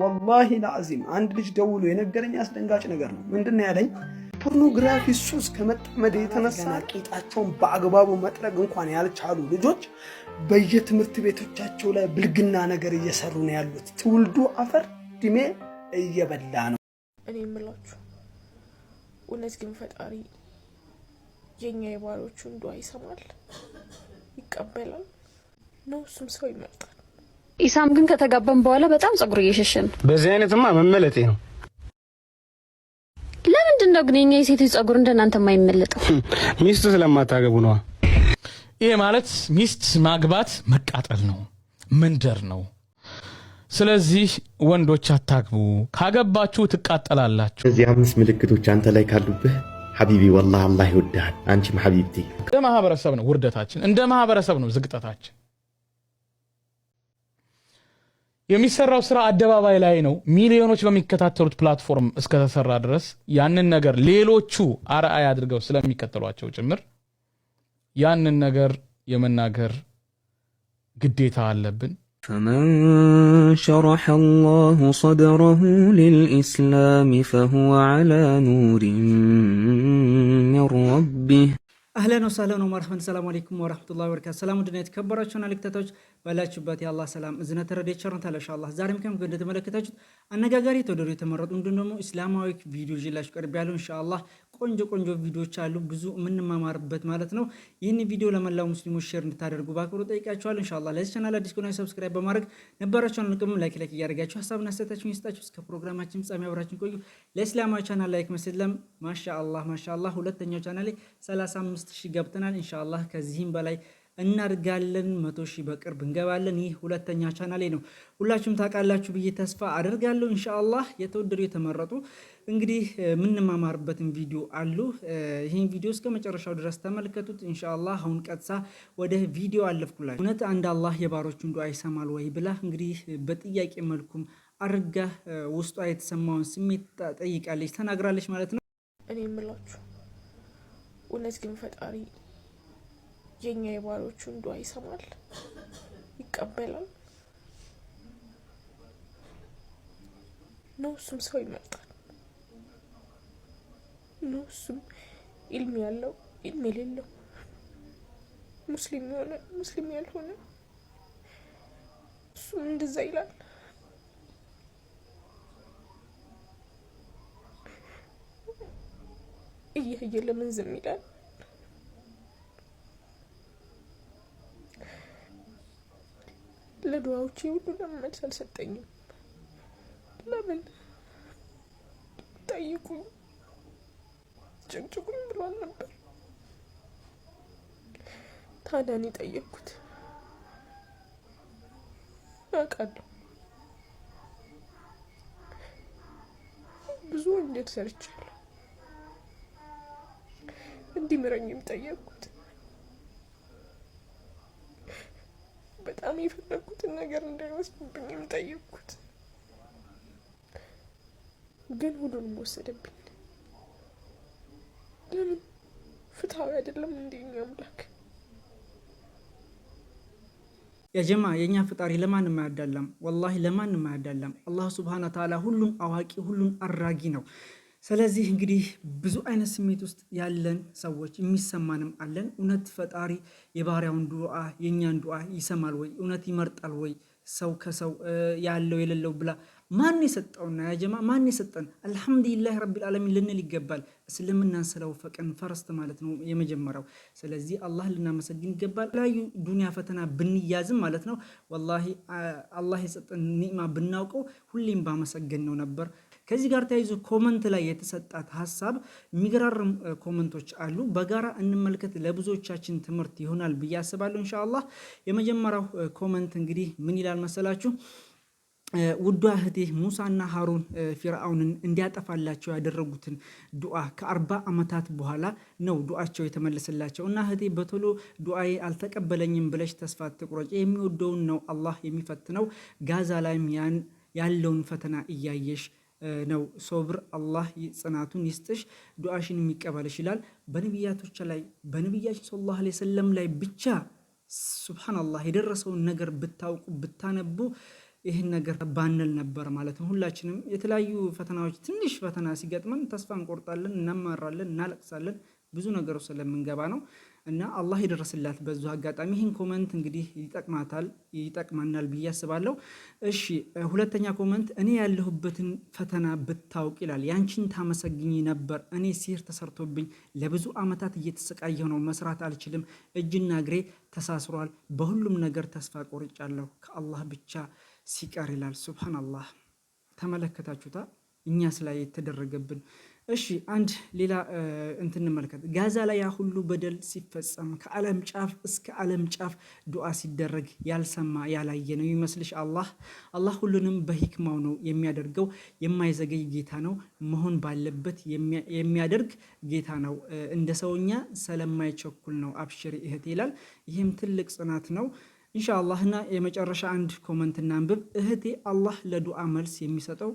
ወላሂ ለአዚም አንድ ልጅ ደውሎ የነገረኝ አስደንጋጭ ነገር ነው። ምንድን ነው ያለኝ? ፖርኖግራፊ ሱስ ከመጠመድ የተነሳ ቂጣቸውን በአግባቡ መጥረግ እንኳን ያልቻሉ ልጆች በየትምህርት ቤቶቻቸው ላይ ብልግና ነገር እየሰሩ ነው ያሉት። ትውልዱ አፈር ድሜ እየበላ ነው። እኔ የምላችሁ እውነት ግን ፈጣሪ የኛ የባሮቹን ዱዓ ይሰማል፣ ይቀበላል ነው እሱም ሰው ይመርጣል። ኢሳም ግን ከተጋባን በኋላ በጣም ጸጉር እየሸሸን በዚህ አይነትማ መመለጤ ነው። ለምንድን ነው ግን የኛ የሴቶች ጸጉር እንደናንተ የማይመለጠው? ሚስት ስለማታገቡ ነዋ። ይህ ማለት ሚስት ማግባት መቃጠል ነው፣ መንደር ነው። ስለዚህ ወንዶች አታግቡ፣ ካገባችሁ ትቃጠላላችሁ። እዚህ አምስት ምልክቶች አንተ ላይ ካሉብህ ሐቢቢ ወላሂ አላህ ይወድሃል። አንቺም ሐቢብቲ። እንደ ማህበረሰብ ነው ውርደታችን፣ እንደ ማህበረሰብ ነው ዝግጠታችን። የሚሰራው ስራ አደባባይ ላይ ነው። ሚሊዮኖች በሚከታተሉት ፕላትፎርም እስከተሰራ ድረስ ያንን ነገር ሌሎቹ አርአይ አድርገው ስለሚከተሏቸው ጭምር ያንን ነገር የመናገር ግዴታ አለብን። ፈመን ሸረሐ አላሁ ሰድረሁ ሊልኢስላም ፈሁወ ዐላ ኑሪን ሚን ረቢህ አህለን ወሰህለን ወመርሐበን። ሰላሙ አለይኩም ወረሕመቱላሂ ወበረካቱህ። ሰላም ድና የተከበራችሁና ልክታታዎች ባላችሁበት የአላ ሰላም እዝነ ተረድኤ ቸርነት አለ ኢንሻአላህ። ዛሬም ከምግብ እንደተመለከታችሁት አነጋጋሪ የተወደዱ የተመረጡ እንዲሁም ደግሞ ኢስላማዊ ቪዲዮ ይዤላችሁ ቀርቤያለሁ። ኢንሻአላህ ቆንጆ ቆንጆ ቪዲዮዎች አሉ፣ ብዙ የምንማማርበት ማለት ነው። ይህን ቪዲዮ ለመላው ሙስሊሞች ሼር እንድታደርጉ በአክብሮት ጠይቃችኋለሁ። ኢንሻአላህ ለዚህ ቻናል አዲስ ከሆናችሁ ሰብስክራይብ በማድረግ ነባራችሁን ልቅም ላይክ ላይክ እያደረጋችሁ ሀሳብና አስተያየታችሁን ይስጣችሁ። እስከ ፕሮግራማችን ፍጻሜ አብራችን ቆዩ። ለእስላማዊ ቻናል ላይክ መስለም ማሻአላህ ማሻአላህ። ሁለተኛው ቻናል ላይ 35 ሺህ ገብተናል ኢንሻአላህ ከዚህም በላይ እናድጋለን። መቶ ሺህ በቅርብ እንገባለን። ይህ ሁለተኛ ቻናሌ ነው። ሁላችሁም ታውቃላችሁ ብዬ ተስፋ አደርጋለሁ። እንሻአላ የተወደዱ የተመረጡ እንግዲህ የምንማማርበትን ቪዲዮ አሉ። ይህን ቪዲዮ እስከ መጨረሻው ድረስ ተመልከቱት ኢንሻአላህ። አሁን ቀጥሳ ወደ ቪዲዮ አለፍኩላችሁ። እውነት አንድ አላህ የባሮቹን ዱዓ ይሰማል ወይ ብላ እንግዲህ በጥያቄ መልኩም አድርጋ ውስጧ የተሰማውን ስሜት ጠይቃለች፣ ተናግራለች ማለት ነው። እኔ የምላችሁ እውነት ግን ፈጣሪ የኛ የባሪዎቹን እንዷ ይሰማል፣ ይቀበላል። ነው እሱም ሰው ይመርጣል። ነው እሱም ኢልም ያለው ኢልም የሌለው ሙስሊም የሆነ ሙስሊም ያልሆነ እሱም እንደዛ ይላል። እያየ ለምን ዝም ይላል? ለዱዋዎች ሁሉ ለምን መልስ አልሰጠኝም? ለምን ጠይቁኝ፣ ጭቅጭቁኝ ብሏል ነበር። ታዲያ እኔ ጠየቅኩት። አውቃለሁ ብዙ ወንጀል ሰርቻለሁ፣ እንዲምረኝም ጠየቅኩት። በጣም የፈለግኩትን ነገር እንዳይወስድብኝ የምጠየቅኩት ግን ሁሉንም ወሰደብኝ። ለምን ፍትሐዊ አይደለም እንደኛ አምላክ? የጀማ የእኛ ፈጣሪ ለማንም አያዳላም፣ ወላሂ ለማንም አያዳላም። አላህ ስብሐነ ተዓላ ሁሉን አዋቂ ሁሉን አራጊ ነው። ስለዚህ እንግዲህ ብዙ አይነት ስሜት ውስጥ ያለን ሰዎች የሚሰማንም አለን። እውነት ፈጣሪ የባሪያውን ዱዓ የእኛን ዱዓ ይሰማል ወይ? እውነት ይመርጣል ወይ? ሰው ከሰው ያለው የሌለው ብላ ማን የሰጠውና ያጀማ ማን የሰጠን? አልሐምዱሊላህ ረቢል ዓለሚን ልንል ይገባል። እስልምናን ስለወፈቀን ፈረስት ማለት ነው የመጀመሪያው። ስለዚህ አላህ ልናመሰግን ይገባል። ተለያዩ ዱንያ ፈተና ብንያዝም ማለት ነው ወላሂ አላህ የሰጠን ኒዕማ ብናውቀው ሁሌም ባመሰገን ነው ነበር ከዚህ ጋር ተያይዞ ኮመንት ላይ የተሰጣት ሀሳብ የሚገራርም ኮመንቶች አሉ። በጋራ እንመልከት፣ ለብዙዎቻችን ትምህርት ይሆናል ብዬ አስባለሁ ኢንሻአላህ። የመጀመሪያው ኮመንት እንግዲህ ምን ይላል መሰላችሁ? ውዷ እህቴ ሙሳና ሀሩን ፊርአውንን እንዲያጠፋላቸው ያደረጉትን ዱዓ ከአርባ ዓመታት በኋላ ነው ዱዓቸው የተመለሰላቸው እና እህቴ በቶሎ ዱዓዬ አልተቀበለኝም ብለሽ ተስፋ ትቁረጭ። የሚወደውን ነው አላህ የሚፈትነው። ጋዛ ላይም ያለውን ፈተና እያየሽ ነው። ሶብር አላህ ጽናቱን ይስጥሽ፣ ዱዓሽን የሚቀበልሽ ይላል። በነቢያቶች ላይ በነቢያችን ሰለላሁ ዐለይሂ ወሰለም ላይ ብቻ ሱብሓነላህ የደረሰውን ነገር ብታውቁ ብታነቡ ይህን ነገር ባንል ነበር ማለት ነው። ሁላችንም የተለያዩ ፈተናዎች ትንሽ ፈተና ሲገጥመን ተስፋ እንቆርጣለን፣ እናማራለን፣ እናለቅሳለን ብዙ ነገሮች ስለምንገባ ነው። እና አላህ የደረስላት በዙ አጋጣሚ ይህን ኮመንት እንግዲህ ይጠቅማታል ይጠቅማናል ብዬ አስባለሁ። እሺ ሁለተኛ ኮመንት እኔ ያለሁበትን ፈተና ብታውቅ ይላል። ያንቺን ታመሰግኝ ነበር። እኔ ሲህር ተሰርቶብኝ ለብዙ ዓመታት እየተሰቃየሁ ነው። መስራት አልችልም። እጅና እግሬ ተሳስሯል። በሁሉም ነገር ተስፋ ቆርጫለሁ። ከአላህ ብቻ ሲቀር ይላል። ሱብሃነላህ ተመለከታችሁታ እኛ ስላይ የተደረገብን እሺ አንድ ሌላ እንትን እንመልከት። ጋዛ ላይ ያ ሁሉ በደል ሲፈጸም ከዓለም ጫፍ እስከ ዓለም ጫፍ ዱዓ ሲደረግ ያልሰማ ያላየ ነው ይመስልሽ? አላህ አላህ ሁሉንም በሂክማው ነው የሚያደርገው። የማይዘገይ ጌታ ነው፣ መሆን ባለበት የሚያደርግ ጌታ ነው። እንደ ሰውኛ ስለማይቸኩል ነው። አብሽሪ እህት ይላል። ይህም ትልቅ ጽናት ነው። እንሻ አላህና የመጨረሻ አንድ ኮመንት እናንብብ። እህቴ አላህ ለዱዓ መልስ የሚሰጠው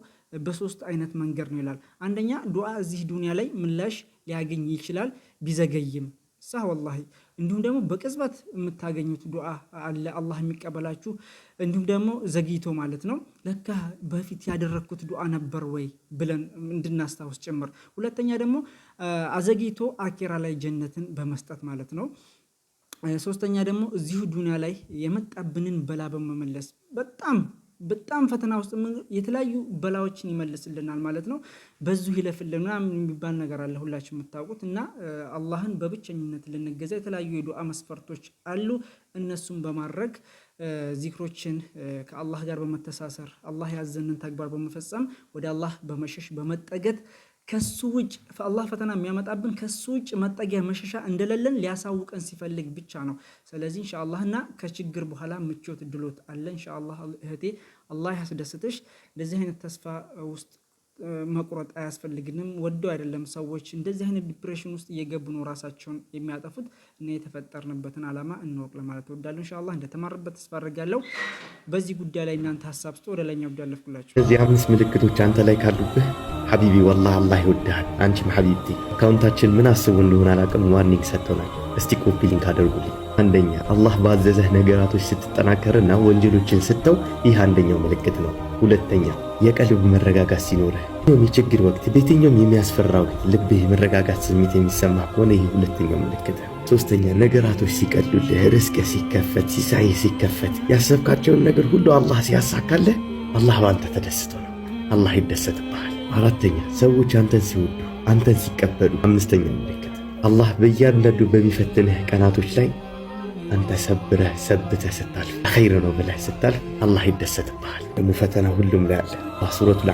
በሶስት አይነት መንገድ ነው ይላል። አንደኛ ዱዓ እዚህ ዱንያ ላይ ምላሽ ሊያገኝ ይችላል ቢዘገይም ሳ ወላሂ እንዲሁም ደግሞ በቅጽበት የምታገኙት ዱዓ አለ አላህ የሚቀበላችሁ። እንዲሁም ደግሞ ዘግይቶ ማለት ነው ለካ በፊት ያደረግኩት ዱዓ ነበር ወይ ብለን እንድናስታውስ ጭምር። ሁለተኛ ደግሞ አዘግይቶ አኬራ ላይ ጀነትን በመስጠት ማለት ነው። ሶስተኛ ደግሞ እዚሁ ዱንያ ላይ የመጣብንን በላ በመመለስ በጣም በጣም ፈተና ውስጥ የተለያዩ በላዎችን ይመልስልናል ማለት ነው። በዙ ይለፍልን ምናምን የሚባል ነገር አለ ሁላችሁ የምታውቁት እና አላህን በብቸኝነት ልንገዛ የተለያዩ የዱዓ መስፈርቶች አሉ። እነሱን በማድረግ ዚክሮችን ከአላህ ጋር በመተሳሰር አላህ ያዘንን ተግባር በመፈጸም ወደ አላህ በመሸሽ በመጠገት ከሱ ውጭ አላህ ፈተና የሚያመጣብን ከሱ ውጭ መጠጊያ መሸሻ እንደሌለን ሊያሳውቀን ሲፈልግ ብቻ ነው። ስለዚህ ኢንሻአላህ እና ከችግር በኋላ ምቾት ድሎት አለ። ኢንሻአላህ እህቴ አላህ ያስደስትሽ። እንደዚህ አይነት ተስፋ ውስጥ መቁረጥ አያስፈልግንም። ወደው አይደለም ሰዎች እንደዚህ አይነት ዲፕሬሽን ውስጥ እየገቡ ነው ራሳቸውን የሚያጠፉት። እኔ የተፈጠርንበትን ዓላማ እንወቅ ለማለት እወዳለሁ። ኢንሻአላህ እንደተማርበት ተስፋ አድርጋለሁ። በዚህ ጉዳይ ላይ እናንተ ሀሳብ ስጥ ወደ ላይኛው ጉዳይ አለፍኩላችሁ። እዚህ አምስት ምልክቶች አንተ ላይ ካሉብህ ሐቢቢ ወላ አላህ ይወድሃል። አንቺም ሐቢብቲ አካውንታችን ምን አስቡ እንደሆነ አላቅም። ዋርኒንግ ሰጥተውናል። እስቲ ኮፒ ሊንክ አደርጉልኝ። አንደኛ አላህ ባዘዘህ ነገራቶች ስትጠናከርና ወንጀሎችን ስተው ይህ አንደኛው ምልክት ነው። ሁለተኛ የቀልብ መረጋጋት ሲኖርህ የችግር ወቅት በየትኛውም የሚያስፈራ ወቅት ልብህ የመረጋጋት ስሜት የሚሰማ ከሆነ ይህ ሁለተኛው ምልክት። ሶስተኛ ነገራቶች ሲቀሉልህ፣ ርዝቅህ ሲከፈት፣ ሲሳይ ሲከፈት፣ ያሰብካቸውን ነገር ሁሉ አላህ ሲያሳካልህ፣ አላህ በአንተ ተደስቶ ነው። አላህ ይደሰትብሃል። አራተኛ ሰዎች አንተን ሲወዱ አንተን ሲቀበሉ። አምስተኛ ምልክት አላህ በእያንዳንዱ በሚፈትንህ ቀናቶች ላይ አንተ ሰብረህ ሰብተህ ስታልፍ ኸይር ነው ብለህ ስታልፍ አላህ ይደሰትብሃል። ደግሞ ፈተና ሁሉም ላይ አለ። አላህ ሱረቱል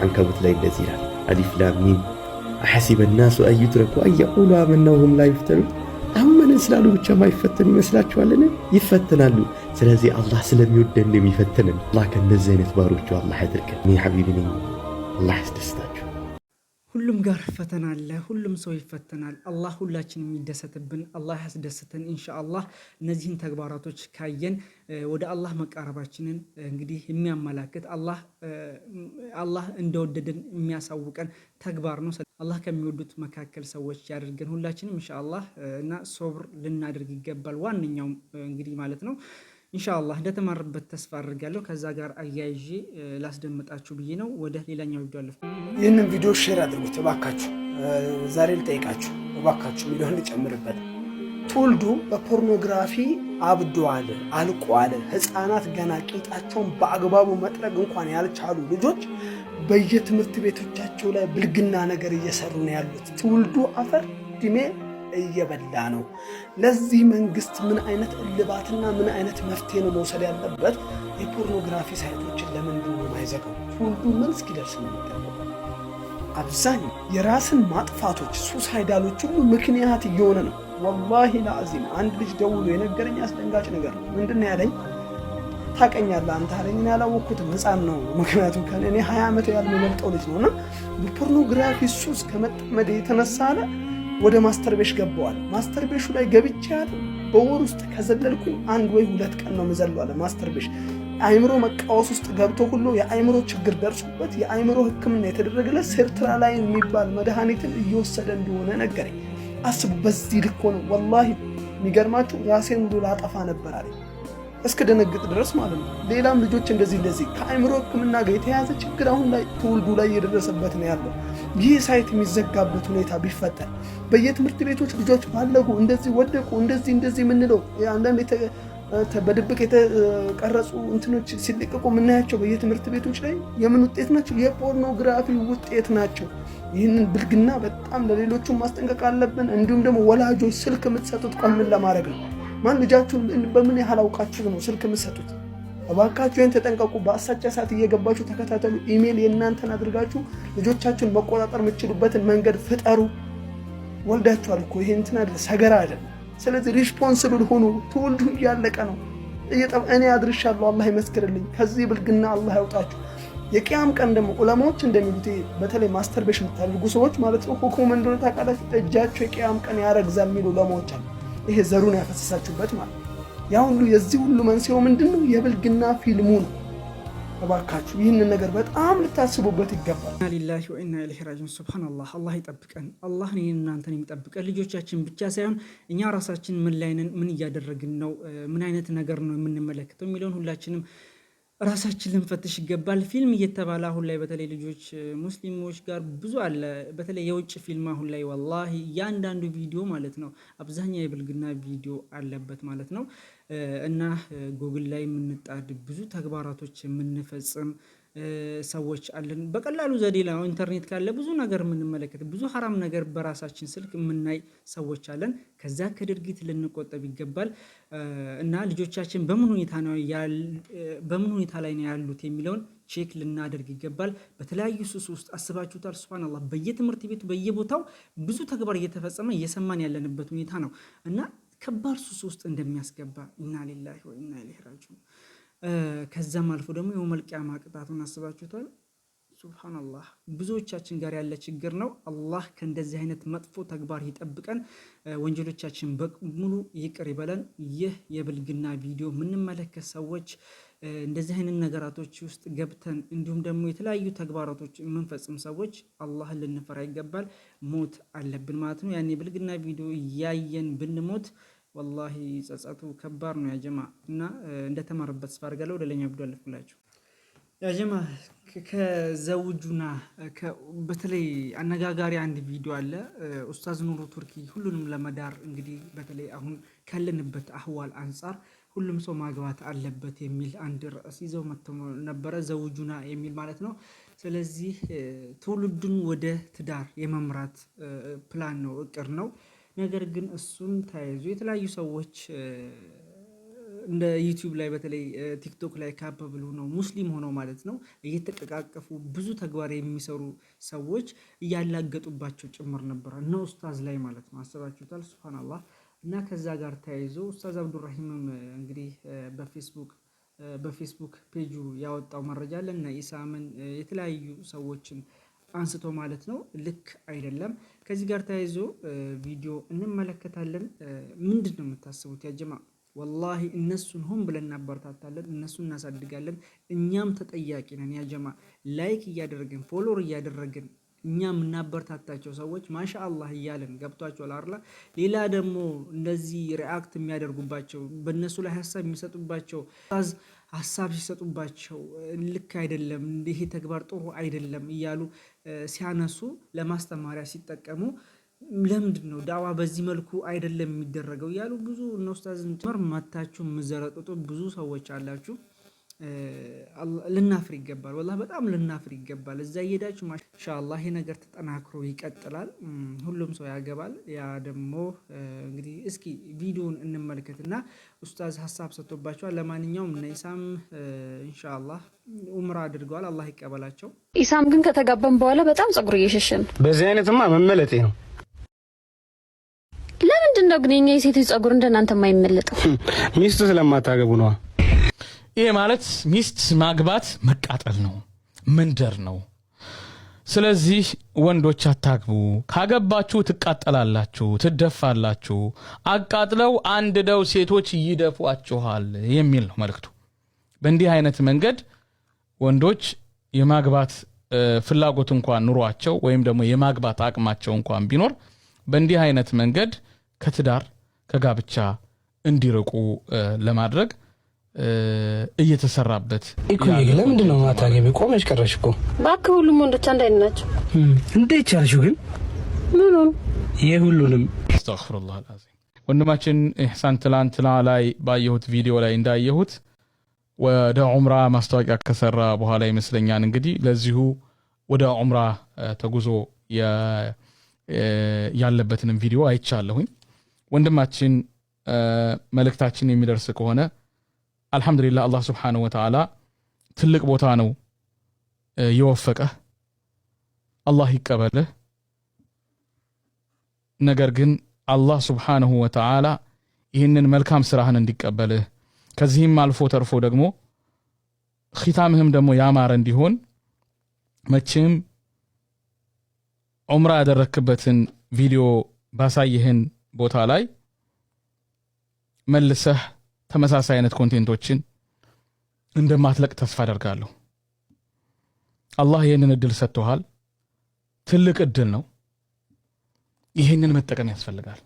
ላይ እንደዚህ ይላል፣ አሊፍ ላም ሚም አሐሲበ ናሱ አዩትረኩ አየቁሉ አመና ወሁም ላ ይፍተኑን። አመንን ስላሉ ብቻ ማይፈተኑ ይመስላችኋልን? ይፈተናሉ። ስለዚህ አላህ ስለሚወደን የሚፈትንን አላህ ከእነዚህ አይነት ባሮቹ አላህ ያድርገን። እኔ ሐቢብ ነኝ። አላህ ያስደስታል። ሁሉም ጋር ፈተና አለ። ሁሉም ሰው ይፈተናል። አላህ ሁላችን የሚደሰትብን አላህ ያስደስተን። ኢንሻአላህ እነዚህን ተግባራቶች ካየን ወደ አላህ መቃረባችንን እንግዲህ የሚያመላክት አላህ እንደወደደን የሚያሳውቀን ተግባር ነው። አላህ ከሚወዱት መካከል ሰዎች ያደርገን ሁላችንም ኢንሻአላህ እና ሶብር ልናደርግ ይገባል። ዋነኛውም እንግዲህ ማለት ነው ኢንሻአላህ እንደተማርበት ተስፋ አድርጋለሁ። ከዛ ጋር አያይዤ ላስደምጣችሁ ብዬ ነው። ወደ ሌላኛው ቪዲዮ አለፍ። ይህንን ቪዲዮ ሼር አድርጉት እባካችሁ። ዛሬ ልጠይቃችሁ እባካችሁ ሚሊዮን ልጨምርበት። ትውልዱ በፖርኖግራፊ አብዷል፣ አልቋል። ህፃናት ገና ቂጣቸውን በአግባቡ መጥረግ እንኳን ያልቻሉ ልጆች በየትምህርት ቤቶቻቸው ላይ ብልግና ነገር እየሰሩ ነው ያሉት። ትውልዱ አፈር ድሜ እየበላ ነው። ለዚህ መንግስት ምን አይነት እልባትና ምን አይነት መፍትሄ ነው መውሰድ ያለበት? የፖርኖግራፊ ሳይቶችን ለምንድን ነው ማይዘጋው? ሁሉ ምን እስኪደርስ ነው የሚጠበቁ? አብዛኛው የራስን ማጥፋቶች ሱሳይዳሎች ሁሉ ምክንያት እየሆነ ነው። ወላሂ ለአዚም አንድ ልጅ ደውሎ የነገረኝ አስደንጋጭ ነገር ነው። ምንድን ያለኝ? ታቀኛለህ አንተ አለኝ። ያላወቅኩትም ህፃን ነው። ምክንያቱም ከእኔ ሀያ ዓመት ያልመለጠው ልጅ ነው እና በፖርኖግራፊ ሱስ ከመጠመደ የተነሳ ወደ ማስተርቤሽ ገባዋል። ማስተርቤሹ ላይ ገብቻ ያለ በወር ውስጥ ከዘለልኩኝ አንድ ወይ ሁለት ቀን ነው ምዘለዋለ ማስተርቤሽ። አእምሮ መቃወስ ውስጥ ገብቶ ሁሉ የአእምሮ ችግር ደርሶበት የአእምሮ ሕክምና የተደረገለት ላይ የሚባል መድኃኒትን እየወሰደ እንደሆነ ነገረኝ። አስቡ፣ በዚህ ልክ ሆነ። ወላሂ የሚገርማችሁ ራሴን ሁሉ ላጠፋ ነበር አለኝ። እስከ ደነግጥ ድረስ ማለት ነው። ሌላም ልጆች እንደዚህ እንደዚህ ከአእምሮ ሕክምና ጋር የተያያዘ ችግር አሁን ላይ ትውልዱ ላይ እየደረሰበት ነው ያለው። ይህ ሳይት የሚዘጋበት ሁኔታ ቢፈጠር በየትምህርት ቤቶች ልጆች ባለጉ እንደዚህ ወደቁ እንደዚህ እንደዚህ የምንለው አንዳንድ በድብቅ የተቀረጹ እንትኖች ሲለቀቁ የምናያቸው በየትምህርት ቤቶች ላይ የምን ውጤት ናቸው? የፖርኖግራፊ ውጤት ናቸው። ይህንን ብልግና በጣም ለሌሎቹ ማስጠንቀቅ አለብን። እንዲሁም ደግሞ ወላጆች ስልክ የምትሰጡት ቀምን ለማድረግ ነው። ማን ልጃችሁን በምን ያህል አውቃችሁ ነው ስልክ የምትሰጡት? እባካችሁ ይህን ተጠንቀቁ። በአሳጫ ሰዓት እየገባችሁ ተከታተሉ። ኢሜይል የእናንተን አድርጋችሁ ልጆቻችሁን መቆጣጠር የምችሉበትን መንገድ ፍጠሩ። ወልዳችኋል እኮ ይሄ እንትን አይደለ ሰገራ አይደለም። ስለዚህ ሪስፖንስብል ሆኑ። ትውልዱ እያለቀ ነው። እኔ አድርሻለሁ፣ አላህ ይመስክርልኝ። ከዚህ ብልግና አላህ ያውጣችሁ። የቅያም ቀን ደግሞ ዑለማዎች እንደሚሉት በተለይ ማስተርቤሽን የምታደርጉ ሰዎች ማለት ነው ሁክሙ ምን እንደሆነ ታውቃላችሁ። እጃቸው የቅያም ቀን ያረግዛል የሚሉ ዑለማዎች አሉ። ይሄ ዘሩን ያፈሰሳችሁበት ማለት ነው። ያ ሁሉ የዚህ ሁሉ መንስኤው ምንድን ነው? የብልግና ፊልሙ ነው። እባካችሁ ይህንን ነገር በጣም ልታስቡበት ይገባል። ኢና ሊላሂ ወኢና ኢለይሂ ራጂዑን። ሱብሃነላህ። አላህ ይጠብቀን። አላህ እኔን እናንተን የሚጠብቀን ልጆቻችን ብቻ ሳይሆን እኛ ራሳችን ምን ላይ ነን፣ ምን እያደረግን ነው፣ ምን አይነት ነገር ነው የምንመለከተው የሚለውን ሁላችንም ራሳችን ልንፈትሽ ይገባል። ፊልም እየተባለ አሁን ላይ በተለይ ልጆች ሙስሊሞች ጋር ብዙ አለ። በተለይ የውጭ ፊልም አሁን ላይ ወላሂ እያንዳንዱ ቪዲዮ ማለት ነው አብዛኛው የብልግና ቪዲዮ አለበት ማለት ነው እና ጉግል ላይ የምንጣድ ብዙ ተግባራቶች የምንፈጽም ሰዎች አለን። በቀላሉ ዘዴ ላይ ኢንተርኔት ካለ ብዙ ነገር የምንመለከት ብዙ ሀራም ነገር በራሳችን ስልክ የምናይ ሰዎች አለን። ከዛ ከድርጊት ልንቆጠብ ይገባል እና ልጆቻችን በምን ሁኔታ ላይ ነው ያሉት የሚለውን ቼክ ልናደርግ ይገባል። በተለያዩ ሱስ ውስጥ አስባችሁታል። ሱብሃነ በየትምህርት ቤቱ በየቦታው ብዙ ተግባር እየተፈጸመ እየሰማን ያለንበት ሁኔታ ነው እና ከባድ ሱስ ውስጥ እንደሚያስገባ ኢና ሊላሂ ወኢና ኢለይሂ ራጂዑን ከዛም አልፎ ደግሞ የመልቂያ ማቅጣቱን አስባችሁታል። ሱብሃነላህ ብዙዎቻችን ጋር ያለ ችግር ነው። አላህ ከእንደዚህ አይነት መጥፎ ተግባር ይጠብቀን፣ ወንጀሎቻችን በሙሉ ይቅር ይበለን። ይህ የብልግና ቪዲዮ የምንመለከት ሰዎች እንደዚህ አይነት ነገራቶች ውስጥ ገብተን እንዲሁም ደግሞ የተለያዩ ተግባራቶች የምንፈጽም ሰዎች አላህን ልንፈራ ይገባል። ሞት አለብን ማለት ነው። ያኔ የብልግና ቪዲዮ እያየን ብንሞት ወላሂ ጸጸቱ ከባድ ነው ያጀማ እና እንደተማርበት ስፋ አድርጋለሁ ወደ ለኛ ብዶ አለፍኩላችሁ ያጀማ ከዘውጁና በተለይ አነጋጋሪ አንድ ቪዲዮ አለ ኡስታዝ ኑሩ ቱርኪ ሁሉንም ለመዳር እንግዲህ በተለይ አሁን ካለንበት አህዋል አንጻር ሁሉም ሰው ማግባት አለበት የሚል አንድ ርዕስ ይዘው መጥተው ነበረ ዘውጁና የሚል ማለት ነው ስለዚህ ትውልዱን ወደ ትዳር የመምራት ፕላን ነው እቅድ ነው ነገር ግን እሱን ተያይዞ የተለያዩ ሰዎች እንደ ዩቲዩብ ላይ በተለይ ቲክቶክ ላይ ካፓብል ሆነው ሙስሊም ሆነው ማለት ነው እየተቀቃቀፉ ብዙ ተግባር የሚሰሩ ሰዎች እያላገጡባቸው ጭምር ነበረ እና ኡስታዝ ላይ ማለት ነው። አስባችሁታል? ሱብሃነላህ። እና ከዛ ጋር ተያይዞ ኡስታዝ አብዱራሂምም እንግዲህ በፌስቡክ በፌስቡክ ፔጁ ያወጣው መረጃ አለ እና ኢሳምን የተለያዩ ሰዎችን አንስቶ ማለት ነው ልክ አይደለም። ከዚህ ጋር ተያይዞ ቪዲዮ እንመለከታለን። ምንድን ነው የምታስቡት? ያጀማ ወላሂ እነሱን ሆን ብለን እናበረታታለን፣ እነሱን እናሳድጋለን። እኛም ተጠያቂ ነን። ያጀማ ላይክ እያደረግን ፎሎር እያደረግን እኛ የምናበረታታቸው ሰዎች ማሻ እያለን ገብቷቸው ላርላ ሌላ ደግሞ እንደዚህ ሪአክት የሚያደርጉባቸው በእነሱ ላይ ሀሳብ የሚሰጡባቸው ሀሳብ ሲሰጡባቸው ልክ አይደለም፣ ይሄ ተግባር ጥሩ አይደለም እያሉ ሲያነሱ ለማስተማሪያ ሲጠቀሙ ለምንድን ነው ዳዋ በዚህ መልኩ አይደለም የሚደረገው እያሉ ብዙ እነ ኡስታዝን ጭምር መታችሁ የምዘረጥጡ ብዙ ሰዎች አላችሁ። ልናፍር ይገባል። ወላሂ በጣም ልናፍር ይገባል። እዛ እየሄዳችሁ ማሻአላህ ይሄ ነገር ተጠናክሮ ይቀጥላል። ሁሉም ሰው ያገባል። ያ ደግሞ እንግዲህ እስኪ ቪዲዮን እንመልከትና ኡስታዝ ሀሳብ ሰጥቶባቸዋል። ለማንኛውም እነ ኢሳም ኡምራ አድርገዋል። አላህ ይቀበላቸው። ኢሳም ግን ከተጋባን በኋላ በጣም ጸጉር እየሸሸ ነው። በዚህ አይነትማ መመለጤ ነው። ለምንድን ነው ግን የኛ የሴቶች ጸጉር እንደናንተ የማይመለጠው? ሚስቱ ስለማታገቡ ነዋ። ይሄ ማለት ሚስት ማግባት መቃጠል ነው፣ መንደር ነው። ስለዚህ ወንዶች አታግቡ። ካገባችሁ ትቃጠላላችሁ፣ ትደፋላችሁ። አቃጥለው ደው ሴቶች ይደፏችኋል የሚል ነው መልክቱ በእንዲህ አይነት መንገድ ወንዶች የማግባት ፍላጎት እንኳን ኑሯቸው ወይም ደግሞ የማግባት አቅማቸው እንኳን ቢኖር በእንዲህ አይነት መንገድ ከትዳር ከጋብቻ እንዲርቁ ለማድረግ እየተሰራበት እኮ ለምንድን ነው ማታ ገቢ ቆመሽ ቀረሽ እኮ እባክህ። ሁሉም ወንዶች አንድ አይነት ናቸው። እንደ ቻልሽው ግን? ምኑን? ይህ ሁሉንም አስተግፍሩላህ አልዓዚም። ወንድማችን ኢሕሳን ትላንትና ላይ ባየሁት ቪዲዮ ላይ እንዳየሁት ወደ ዑምራ ማስታወቂያ ከሰራ በኋላ ይመስለኛል እንግዲህ ለዚሁ ወደ ዑምራ ተጉዞ ያለበትንም ቪዲዮ አይቻለሁኝ። ወንድማችን መልእክታችን የሚደርስ ከሆነ አልሐምዱሊላህ አላህ ስብሓነሁ ወተዓላ ትልቅ ቦታ ነው የወፈቀህ። አላህ ይቀበልህ። ነገር ግን አላህ ስብሓነሁ ወተዓላ ይህንን መልካም ስራህን እንዲቀበልህ ከዚህም አልፎ ተርፎ ደግሞ ኺታምህም ደግሞ ያማረ እንዲሆን መቼም ዑምራ ያደረክበትን ቪዲዮ ባሳየህን ቦታ ላይ መልሰህ ተመሳሳይ አይነት ኮንቴንቶችን እንደማትለቅ ተስፋ አደርጋለሁ። አላህ ይህንን እድል ሰጥቶሃል። ትልቅ እድል ነው። ይህንን መጠቀም ያስፈልጋል።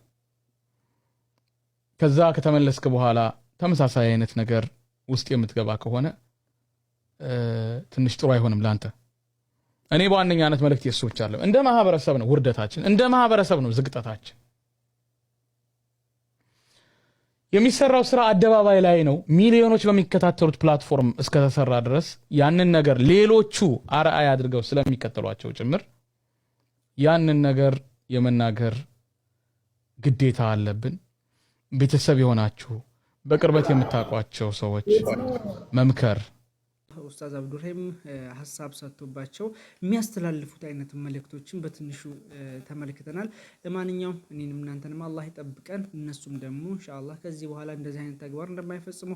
ከዛ ከተመለስክ በኋላ ተመሳሳይ አይነት ነገር ውስጥ የምትገባ ከሆነ ትንሽ ጥሩ አይሆንም ለአንተ። እኔ በዋነኛነት መልእክት የሱ ብቻ እንደ ማህበረሰብ ነው ውርደታችን፣ እንደ ማህበረሰብ ነው ዝግጠታችን። የሚሰራው ስራ አደባባይ ላይ ነው። ሚሊዮኖች በሚከታተሉት ፕላትፎርም እስከተሰራ ድረስ ያንን ነገር ሌሎቹ አርአይ አድርገው ስለሚከተሏቸው ጭምር ያንን ነገር የመናገር ግዴታ አለብን። ቤተሰብ የሆናችሁ በቅርበት የምታውቋቸው ሰዎች መምከር ኡስታዝ አብዱርሂም ሀሳብ ሰጥቶባቸው የሚያስተላልፉት አይነት መልእክቶችን በትንሹ ተመልክተናል። ለማንኛውም እኔንም እናንተንም አላህ ይጠብቀን፣ እነሱም ደግሞ ኢንሻአላህ ከዚህ በኋላ እንደዚህ አይነት ተግባር እንደማይፈጽሙ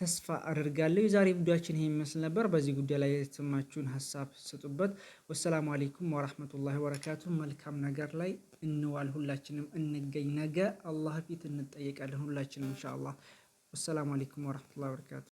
ተስፋ አድርጋለሁ። የዛሬ ጉዳያችን ይሄ ይመስል ነበር። በዚህ ጉዳይ ላይ የተሰማችሁን ሀሳብ ስጡበት። ወሰላሙ አሌይኩም ወራህመቱላሂ ወበረካቱ። መልካም ነገር ላይ እንዋል፣ ሁላችንም እንገኝ። ነገ አላህ ፊት እንጠየቃለን ሁላችንም ኢንሻአላህ። ወሰላሙ አሌይኩም ወራህመቱላሂ ወበረካቱ።